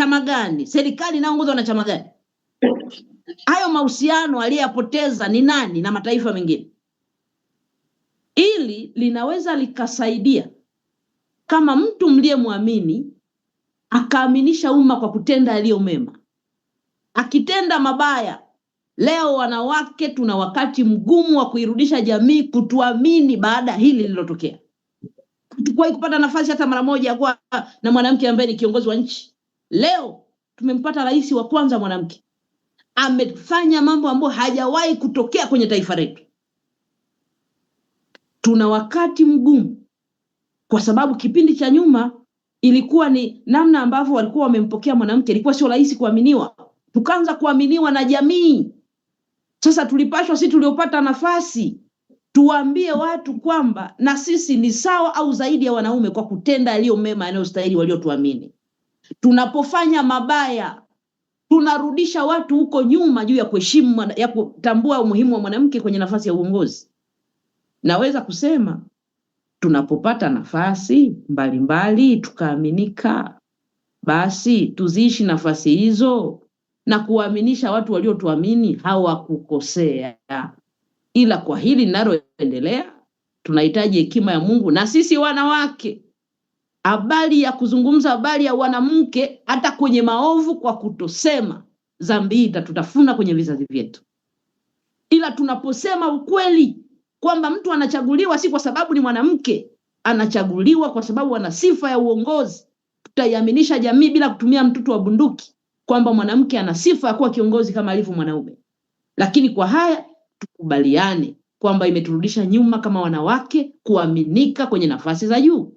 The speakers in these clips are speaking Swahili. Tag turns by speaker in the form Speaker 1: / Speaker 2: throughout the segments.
Speaker 1: chama gani? Serikali inaongozwa na chama gani? Hayo mahusiano aliyeyapoteza ni nani na mataifa mengine? Ili linaweza likasaidia kama mtu mliyemwamini akaaminisha umma kwa kutenda yaliyo mema, akitenda mabaya. Leo wanawake, tuna wakati mgumu wa kuirudisha jamii kutuamini baada hili lililotokea. tukuwai kupata nafasi hata mara moja ya kuwa na mwanamke ambaye ni kiongozi wa nchi. Leo tumempata rais wa kwanza mwanamke, amefanya mambo ambayo hajawahi kutokea kwenye taifa letu. Tuna wakati mgumu, kwa sababu kipindi cha nyuma ilikuwa ni namna ambavyo walikuwa wamempokea mwanamke, ilikuwa sio rahisi kuaminiwa, tukaanza kuaminiwa na jamii. Sasa tulipashwa sisi tuliopata nafasi tuwaambie watu kwamba na sisi ni sawa au zaidi ya wanaume kwa kutenda yaliyo mema yanayostahili waliotuamini. Tunapofanya mabaya tunarudisha watu huko nyuma juu ya kuheshimu ya kutambua umuhimu wa mwanamke kwenye nafasi ya uongozi. Naweza kusema tunapopata nafasi mbalimbali tukaaminika, basi tuziishi nafasi hizo na kuwaaminisha watu waliotuamini hawakukosea. Ila kwa hili linaloendelea, tunahitaji hekima ya Mungu na sisi wanawake habari ya kuzungumza habari ya wanamke hata kwenye maovu kwa kutosema, dhambi itatutafuna kwenye vizazi vyetu. Ila tunaposema ukweli kwamba mtu anachaguliwa si kwa sababu ni mwanamke, anachaguliwa kwa sababu ana sifa ya uongozi, tutaiaminisha jamii bila kutumia mtutu wa bunduki kwamba mwanamke ana sifa ya kuwa kiongozi kama alivyo mwanaume. Lakini kwa haya tukubaliane kwamba imeturudisha nyuma kama wanawake kuaminika kwenye nafasi za juu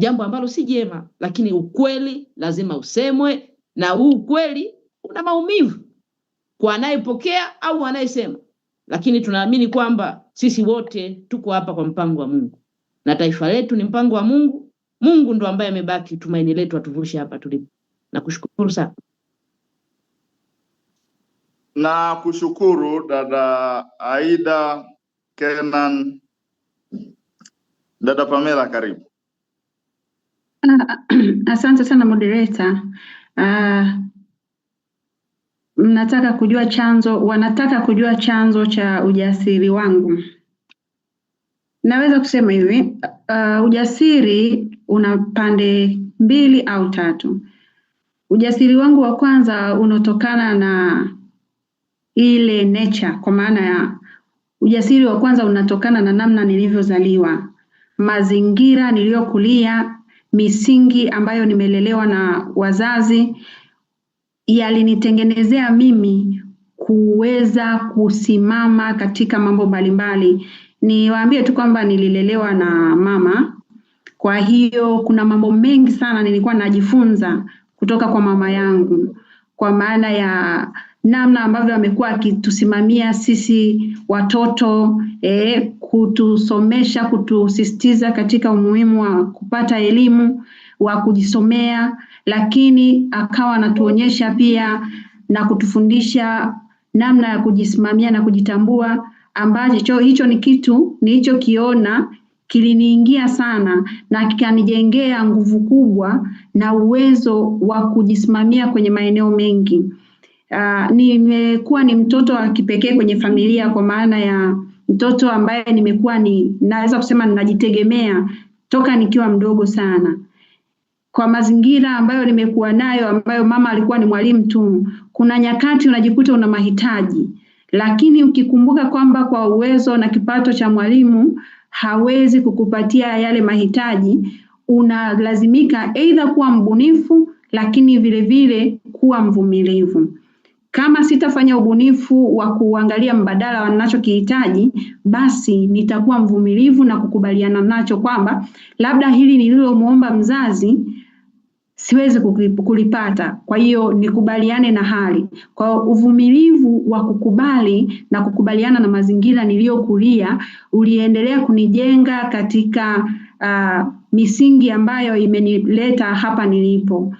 Speaker 1: jambo ambalo si jema, lakini ukweli lazima usemwe, na huu ukweli una maumivu kwa anayepokea au anayesema, lakini tunaamini kwamba sisi wote tuko hapa kwa mpango wa Mungu na taifa letu ni mpango wa Mungu. Mungu ndo ambaye amebaki tumaini letu, atuvushe hapa tulipo. Nakushukuru sana.
Speaker 2: Na kushukuru dada Aida Kenan, dada Pamela, karibu.
Speaker 3: Ah, asante sana moderator. Uh, mnataka kujua chanzo, wanataka kujua chanzo cha ujasiri wangu. Naweza kusema hivi, uh, ujasiri una pande mbili au tatu. Ujasiri wangu wa kwanza unatokana na ile nature, kwa maana ya ujasiri wa kwanza unatokana na namna nilivyozaliwa, mazingira niliyokulia misingi ambayo nimelelewa na wazazi yalinitengenezea mimi kuweza kusimama katika mambo mbalimbali. Niwaambie tu kwamba nililelewa na mama, kwa hiyo kuna mambo mengi sana nilikuwa najifunza kutoka kwa mama yangu, kwa maana ya namna ambavyo amekuwa akitusimamia sisi watoto eh, kutusomesha, kutusisitiza katika umuhimu wa kupata elimu, wa kujisomea, lakini akawa anatuonyesha pia na kutufundisha namna ya kujisimamia na kujitambua, ambacho hicho ni kitu nilichokiona kiliniingia sana na kikanijengea nguvu kubwa na uwezo wa kujisimamia kwenye maeneo mengi. Uh, nimekuwa ni mtoto wa kipekee kwenye familia kwa maana ya mtoto ambaye nimekuwa ni naweza kusema ninajitegemea toka nikiwa mdogo sana kwa mazingira ambayo nimekuwa nayo ambayo mama alikuwa ni mwalimu tu. Kuna nyakati unajikuta una mahitaji, lakini ukikumbuka kwamba kwa uwezo na kipato cha mwalimu hawezi kukupatia yale mahitaji, unalazimika aidha kuwa mbunifu, lakini vile vile kuwa mvumilivu. Kama sitafanya ubunifu wa kuangalia mbadala wanachokihitaji, basi nitakuwa mvumilivu na kukubaliana nacho kwamba labda hili nililomwomba mzazi siwezi kulipata, kwa hiyo nikubaliane na hali. Kwa hiyo uvumilivu wa kukubali na kukubaliana na mazingira niliyokulia uliendelea kunijenga katika uh, misingi ambayo imenileta hapa nilipo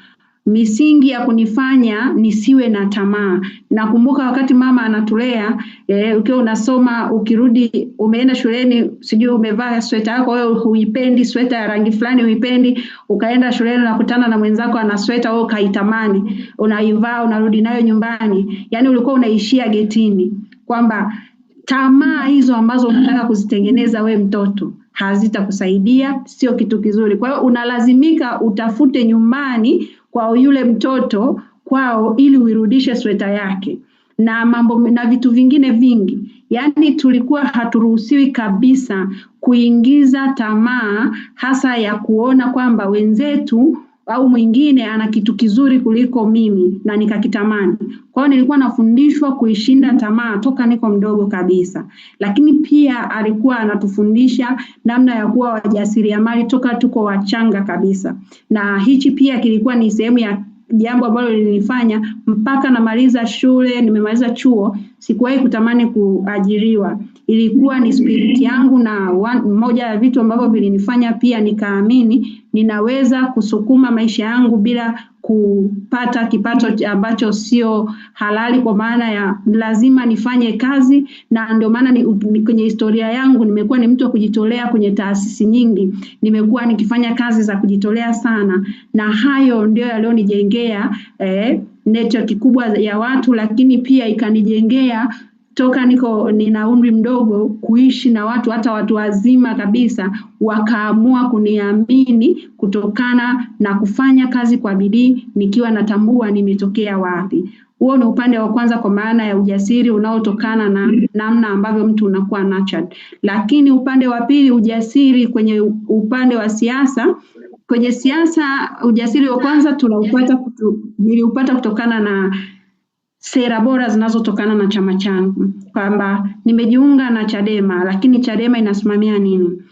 Speaker 3: misingi ya kunifanya nisiwe na tamaa. Nakumbuka wakati mama anatulea e, ukiwa unasoma ukirudi, umeenda shuleni, sijui umevaa sweta yako wewe, huipendi sweta ya rangi fulani, huipendi, ukaenda shuleni, unakutana na mwenzako ana sweta wewe, ukaitamani, unaivaa, unarudi nayo nyumbani. Yani ulikuwa unaishia getini, kwamba tamaa hizo ambazo unataka kuzitengeneza we mtoto hazitakusaidia, sio kitu kizuri. Kwa hiyo unalazimika utafute nyumbani kwa yule mtoto kwao ili uirudishe sweta yake na mambo na vitu vingine vingi. Yaani tulikuwa haturuhusiwi kabisa kuingiza tamaa hasa ya kuona kwamba wenzetu au mwingine ana kitu kizuri kuliko mimi na nikakitamani. Kwa hiyo nilikuwa nafundishwa kuishinda tamaa toka niko mdogo kabisa, lakini pia alikuwa anatufundisha namna ya kuwa wajasiriamali toka tuko wachanga kabisa, na hichi pia kilikuwa ni sehemu ya jambo ambalo lilinifanya mpaka namaliza shule, nimemaliza chuo, sikuwahi kutamani kuajiriwa. Ilikuwa ni spirit yangu na one, moja ya vitu ambavyo vilinifanya pia nikaamini ninaweza kusukuma maisha yangu bila kupata kipato ambacho sio halali, kwa maana ya lazima nifanye kazi. Na ndio maana ni, kwenye historia yangu nimekuwa ni mtu wa kujitolea kwenye taasisi nyingi, nimekuwa nikifanya kazi za kujitolea sana, na hayo ndio yaliyonijengea eh, network kubwa ya watu, lakini pia ikanijengea toka niko nina umri mdogo kuishi na watu hata watu wazima kabisa, wakaamua kuniamini kutokana na kufanya kazi kwa bidii, nikiwa natambua nimetokea wapi. Huo ni upande wa kwanza, kwa maana ya ujasiri unaotokana na namna ambavyo mtu unakuwa nurtured. Lakini upande wa pili, ujasiri kwenye upande wa siasa kwenye siasa ujasiri wa kwanza tunaupata kutu, niliupata kutokana na sera bora zinazotokana na chama changu, kwamba nimejiunga na Chadema, lakini Chadema inasimamia nini?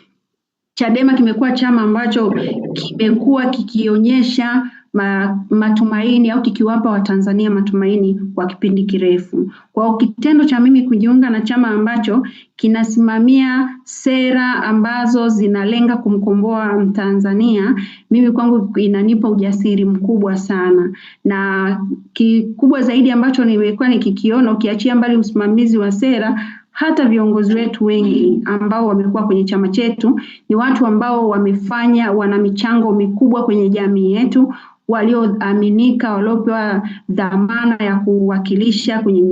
Speaker 3: Chadema kimekuwa chama ambacho kimekuwa kikionyesha ma, matumaini au kikiwapa Watanzania matumaini kwa kipindi kirefu. Kwa kitendo cha mimi kujiunga na chama ambacho kinasimamia sera ambazo zinalenga kumkomboa Mtanzania, mimi kwangu inanipa ujasiri mkubwa sana, na kikubwa zaidi ambacho nimekuwa nikikiona, ukiachia mbali usimamizi wa sera hata viongozi wetu wengi ambao wamekuwa kwenye chama chetu ni watu ambao wamefanya, wana michango mikubwa kwenye jamii yetu, walioaminika, waliopewa dhamana ya kuwakilisha kwenye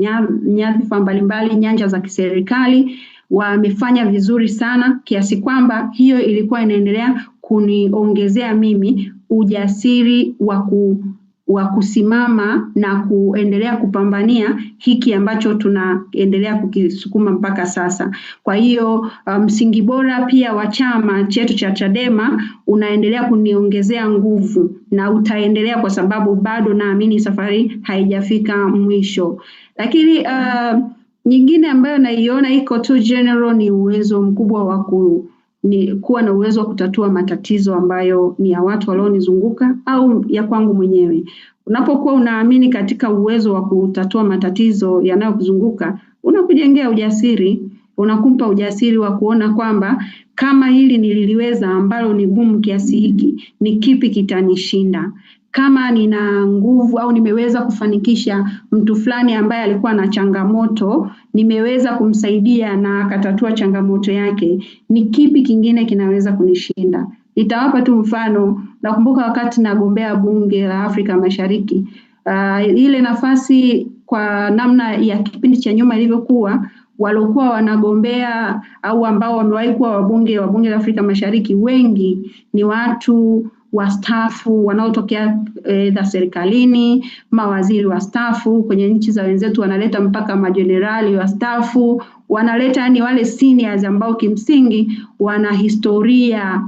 Speaker 3: nyadhifa mbalimbali, nyanja za kiserikali wamefanya vizuri sana kiasi kwamba hiyo ilikuwa inaendelea kuniongezea mimi ujasiri wa ku wa kusimama na kuendelea kupambania hiki ambacho tunaendelea kukisukuma mpaka sasa. Kwa hiyo uh, msingi um, bora pia wa chama chetu cha Chadema unaendelea kuniongezea nguvu na utaendelea kwa sababu bado naamini safari haijafika mwisho. Lakini uh, nyingine ambayo naiona iko tu general ni uwezo mkubwa wa kuu ni kuwa na uwezo wa kutatua matatizo ambayo ni ya watu walionizunguka au ya kwangu mwenyewe. Unapokuwa unaamini katika uwezo wa kutatua matatizo yanayokuzunguka, unakujengea ujasiri, unakumpa ujasiri wa kuona kwamba kama hili nililiweza ambalo ni gumu kiasi hiki, ni kipi kitanishinda? kama nina nguvu au nimeweza kufanikisha mtu fulani ambaye alikuwa na changamoto, nimeweza kumsaidia na akatatua changamoto yake, ni kipi kingine kinaweza kunishinda? Nitawapa tu mfano. Nakumbuka wakati nagombea bunge la Afrika Mashariki, uh, ile nafasi kwa namna ya kipindi cha nyuma ilivyokuwa waliokuwa wanagombea au ambao wamewahi kuwa wabunge wa bunge la Afrika Mashariki wengi ni watu wastaafu wanaotokea e, za serikalini, mawaziri wastaafu. Kwenye nchi za wenzetu wanaleta mpaka majenerali wastaafu, wanaleta yani wale seniors ambao kimsingi wana historia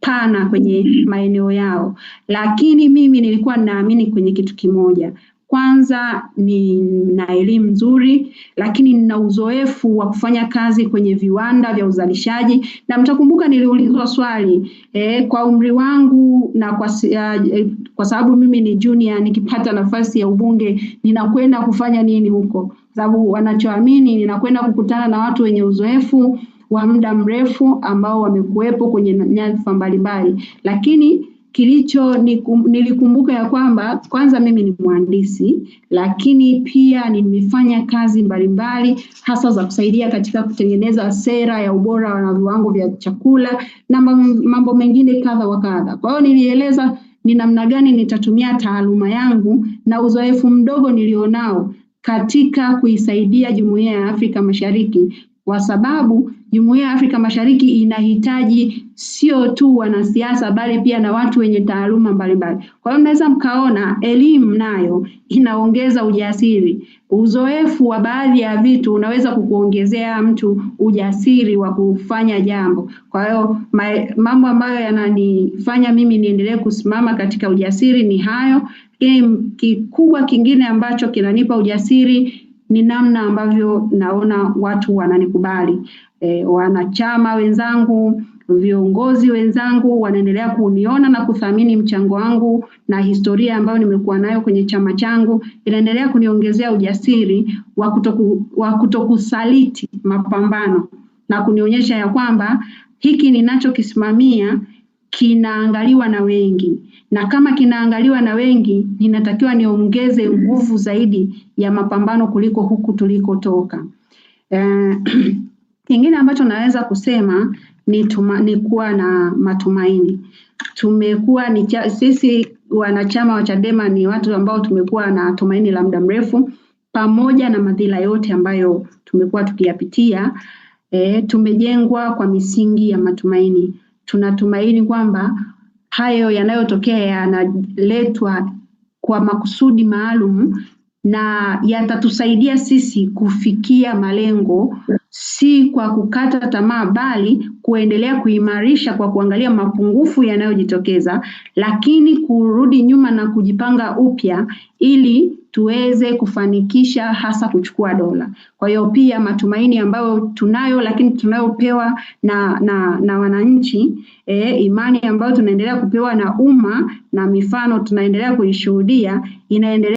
Speaker 3: pana kwenye maeneo yao. Lakini mimi nilikuwa ninaamini kwenye kitu kimoja, kwanza nina elimu nzuri, lakini nina uzoefu wa kufanya kazi kwenye viwanda vya uzalishaji. Na mtakumbuka niliulizwa swali e, kwa umri wangu na kwa, e, kwa sababu mimi ni junior, nikipata nafasi ya ubunge ninakwenda kufanya nini huko? Sababu wanachoamini ninakwenda kukutana na watu wenye uzoefu wa muda mrefu ambao wamekuwepo kwenye nyadhifa mbalimbali, lakini kilicho nilikumbuka ya kwamba kwanza mimi ni mhandisi, lakini pia nimefanya kazi mbalimbali hasa za kusaidia katika kutengeneza sera ya ubora na viwango vya chakula na mambo mengine kadha wa kadha. Kwa hiyo nilieleza ni namna gani nitatumia taaluma yangu na uzoefu mdogo nilionao katika kuisaidia jumuiya ya Afrika Mashariki kwa sababu Jumuiya ya Afrika Mashariki inahitaji sio tu wanasiasa bali pia na watu wenye taaluma mbalimbali. Kwa hiyo mnaweza mkaona elimu nayo inaongeza ujasiri. Uzoefu wa baadhi ya vitu unaweza kukuongezea mtu ujasiri wa kufanya jambo. Kwa hiyo mambo ambayo yananifanya mimi niendelee kusimama katika ujasiri ni hayo, lakini kikubwa kingine ambacho kinanipa ujasiri ni namna ambavyo naona watu wananikubali e, wanachama wenzangu, viongozi wenzangu wanaendelea kuniona na kuthamini mchango wangu na historia ambayo nimekuwa nayo kwenye chama changu inaendelea kuniongezea ujasiri wa wa kutokusaliti mapambano na kunionyesha ya kwamba hiki ninachokisimamia kinaangaliwa na wengi, na kama kinaangaliwa na wengi, ninatakiwa niongeze nguvu zaidi ya mapambano kuliko huku tulikotoka. Eh, kingine ambacho naweza kusema ni, tuma, ni kuwa na matumaini. Tumekuwa ni cha, sisi wanachama wa Chadema ni watu ambao tumekuwa na tumaini la muda mrefu, pamoja na madhila yote ambayo tumekuwa tukiyapitia. E, tumejengwa kwa misingi ya matumaini tunatumaini kwamba hayo yanayotokea yanaletwa kwa makusudi maalum na yatatusaidia sisi kufikia malengo si kwa kukata tamaa, bali kuendelea kuimarisha kwa kuangalia mapungufu yanayojitokeza, lakini kurudi nyuma na kujipanga upya ili tuweze kufanikisha hasa kuchukua dola. Kwa hiyo pia matumaini ambayo tunayo, lakini tunayopewa na, na, na wananchi e, imani ambayo tunaendelea kupewa na umma na mifano tunaendelea kuishuhudia inaendelea